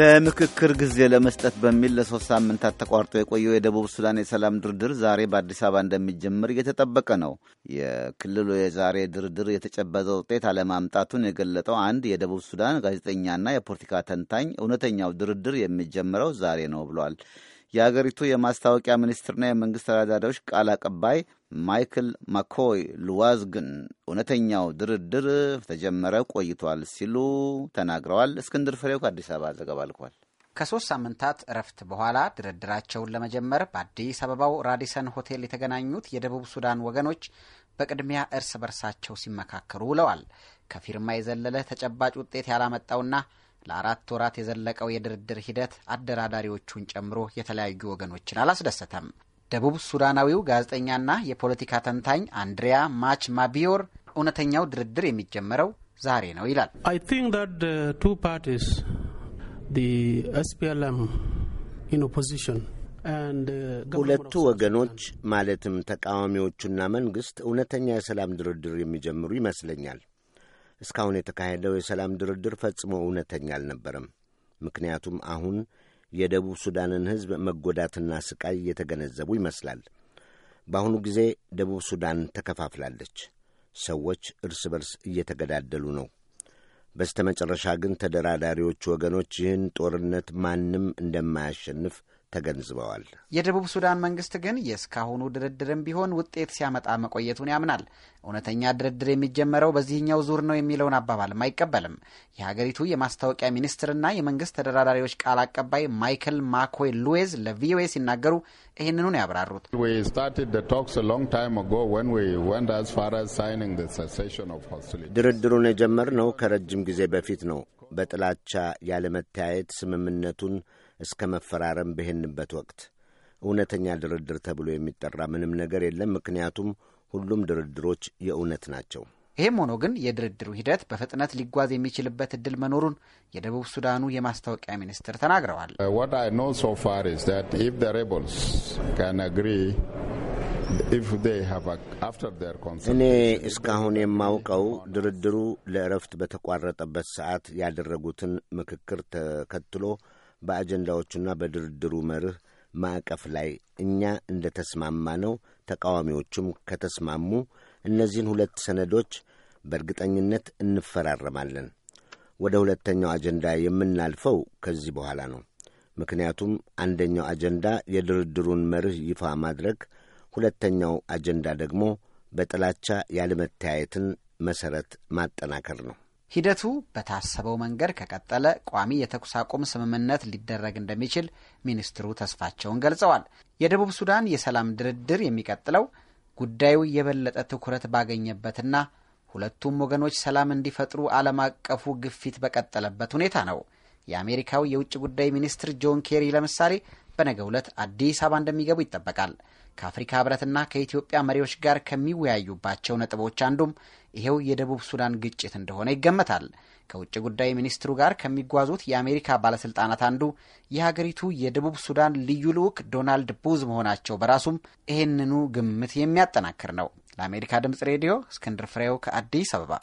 ለምክክር ጊዜ ለመስጠት በሚል ለሶስት ሳምንታት ተቋርጦ የቆየው የደቡብ ሱዳን የሰላም ድርድር ዛሬ በአዲስ አበባ እንደሚጀምር እየተጠበቀ ነው። የክልሉ የዛሬ ድርድር የተጨበጠ ውጤት አለማምጣቱን የገለጠው አንድ የደቡብ ሱዳን ጋዜጠኛና የፖለቲካ ተንታኝ እውነተኛው ድርድር የሚጀምረው ዛሬ ነው ብሏል። የአገሪቱ የማስታወቂያ ሚኒስትርና የመንግስት ተዳዳሪዎች ቃል አቀባይ ማይክል ማኮይ ሉዋዝ ግን እውነተኛው ድርድር ተጀመረ ቆይቷል ሲሉ ተናግረዋል። እስክንድር ፍሬው ከአዲስ አበባ ዘገባ ልኳል። ከሶስት ሳምንታት እረፍት በኋላ ድርድራቸውን ለመጀመር በአዲስ አበባው ራዲሰን ሆቴል የተገናኙት የደቡብ ሱዳን ወገኖች በቅድሚያ እርስ በርሳቸው ሲመካከሩ ውለዋል። ከፊርማ የዘለለ ተጨባጭ ውጤት ያላመጣውና ለአራት ወራት የዘለቀው የድርድር ሂደት አደራዳሪዎቹን ጨምሮ የተለያዩ ወገኖችን አላስደሰተም። ደቡብ ሱዳናዊው ጋዜጠኛና የፖለቲካ ተንታኝ አንድሪያ ማች ማቢዮር እውነተኛው ድርድር የሚጀመረው ዛሬ ነው ይላል። uh, uh, ሁለቱ ወገኖች ማለትም ተቃዋሚዎቹና መንግሥት እውነተኛ የሰላም ድርድር የሚጀምሩ ይመስለኛል። እስካሁን የተካሄደው የሰላም ድርድር ፈጽሞ እውነተኛ አልነበረም። ምክንያቱም አሁን የደቡብ ሱዳንን ሕዝብ መጎዳትና ስቃይ እየተገነዘቡ ይመስላል። በአሁኑ ጊዜ ደቡብ ሱዳን ተከፋፍላለች። ሰዎች እርስ በርስ እየተገዳደሉ ነው። በስተ መጨረሻ ግን ተደራዳሪዎቹ ወገኖች ይህን ጦርነት ማንም እንደማያሸንፍ ተገንዝበዋል። የደቡብ ሱዳን መንግስት ግን የእስካሁኑ ድርድርም ቢሆን ውጤት ሲያመጣ መቆየቱን ያምናል። እውነተኛ ድርድር የሚጀመረው በዚህኛው ዙር ነው የሚለውን አባባልም አይቀበልም። የሀገሪቱ የማስታወቂያ ሚኒስትርና የመንግስት ተደራዳሪዎች ቃል አቀባይ ማይክል ማኮይ ሉዌዝ ለቪኦኤ ሲናገሩ ይህንኑን ያብራሩት ድርድሩን የጀመርነው ከረጅም ጊዜ በፊት ነው። በጥላቻ ያለመተያየት ስምምነቱን እስከ መፈራረም በሄንበት ወቅት እውነተኛ ድርድር ተብሎ የሚጠራ ምንም ነገር የለም። ምክንያቱም ሁሉም ድርድሮች የእውነት ናቸው። ይህም ሆኖ ግን የድርድሩ ሂደት በፍጥነት ሊጓዝ የሚችልበት እድል መኖሩን የደቡብ ሱዳኑ የማስታወቂያ ሚኒስትር ተናግረዋል። uh, እኔ እስካሁን የማውቀው ድርድሩ ለእረፍት በተቋረጠበት ሰዓት ያደረጉትን ምክክር ተከትሎ በአጀንዳዎቹና በድርድሩ መርህ ማዕቀፍ ላይ እኛ እንደ ተስማማ ነው። ተቃዋሚዎቹም ከተስማሙ እነዚህን ሁለት ሰነዶች በእርግጠኝነት እንፈራረማለን። ወደ ሁለተኛው አጀንዳ የምናልፈው ከዚህ በኋላ ነው። ምክንያቱም አንደኛው አጀንዳ የድርድሩን መርህ ይፋ ማድረግ፣ ሁለተኛው አጀንዳ ደግሞ በጥላቻ ያለመተያየትን መሠረት ማጠናከር ነው። ሂደቱ በታሰበው መንገድ ከቀጠለ ቋሚ የተኩስ አቁም ስምምነት ሊደረግ እንደሚችል ሚኒስትሩ ተስፋቸውን ገልጸዋል። የደቡብ ሱዳን የሰላም ድርድር የሚቀጥለው ጉዳዩ የበለጠ ትኩረት ባገኘበትና ሁለቱም ወገኖች ሰላም እንዲፈጥሩ ዓለም አቀፉ ግፊት በቀጠለበት ሁኔታ ነው። የአሜሪካው የውጭ ጉዳይ ሚኒስትር ጆን ኬሪ ለምሳሌ በነገ ዕለት አዲስ አበባ እንደሚገቡ ይጠበቃል። ከአፍሪካ ህብረትና ከኢትዮጵያ መሪዎች ጋር ከሚወያዩባቸው ነጥቦች አንዱም ይሄው የደቡብ ሱዳን ግጭት እንደሆነ ይገመታል። ከውጭ ጉዳይ ሚኒስትሩ ጋር ከሚጓዙት የአሜሪካ ባለስልጣናት አንዱ የሀገሪቱ የደቡብ ሱዳን ልዩ ልዑክ ዶናልድ ቡዝ መሆናቸው በራሱም ይህንኑ ግምት የሚያጠናክር ነው። ለአሜሪካ ድምጽ ሬዲዮ እስክንድር ፍሬው ከአዲስ አበባ